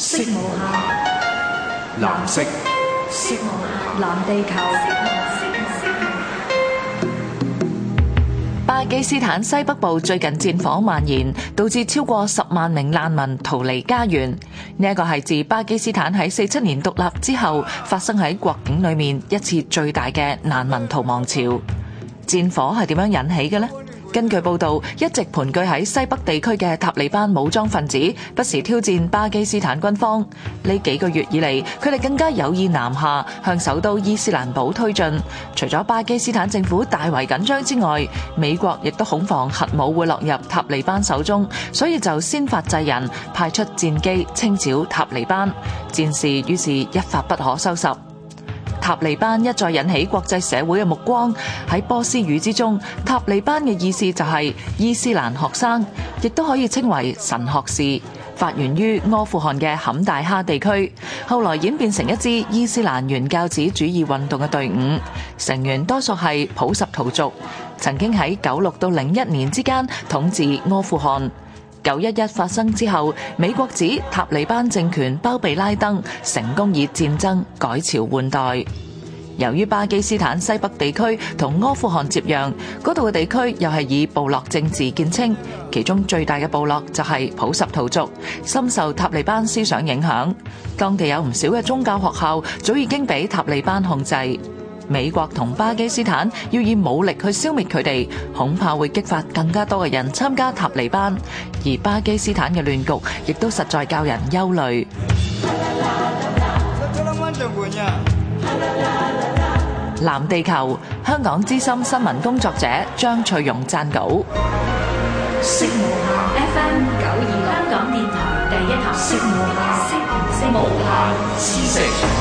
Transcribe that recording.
色無下藍色。色無下，藍地球。巴基斯坦西北部最近戰火蔓延，導致超過十萬名難民逃離家園。呢一個係自巴基斯坦喺四七年獨立之後，發生喺國境裏面一次最大嘅難民逃亡潮。戰火係點樣引起嘅呢？根據報道，一直盤踞喺西北地區嘅塔利班武裝分子不時挑戰巴基斯坦軍方。呢幾個月以嚟，佢哋更加有意南下向首都伊斯蘭堡推進。除咗巴基斯坦政府大為緊張之外，美國亦都恐防核武會落入塔利班手中，所以就先發制人派出戰機清剿塔利班。戰事於是一發不可收拾。塔利班一再引起國際社會嘅目光。喺波斯語之中，塔利班嘅意思就係伊斯蘭學生，亦都可以稱為神學士。發源於阿富汗嘅坎大哈地區，後來演變成一支伊斯蘭原教旨主義運動嘅隊伍，成員多數係普什圖族，曾經喺九六到零一年之間統治阿富汗。九一一發生之後，美國指塔利班政權包庇拉登，成功以戰爭改朝換代。由於巴基斯坦西北地區同阿富汗接壤，嗰度嘅地區又係以部落政治見稱，其中最大嘅部落就係普什圖族，深受塔利班思想影響。當地有唔少嘅宗教學校，早已經被塔利班控制。美國同巴基斯坦要以武力去消滅佢哋，恐怕會激發更加多嘅人參加塔利班，而巴基斯坦嘅亂局亦都實在教人憂慮。藍地球，香港資深新聞工作者張翠蓉撰稿。色無限 FM 九二六，香港電台第一台。色無限，色無限，色無限，思城。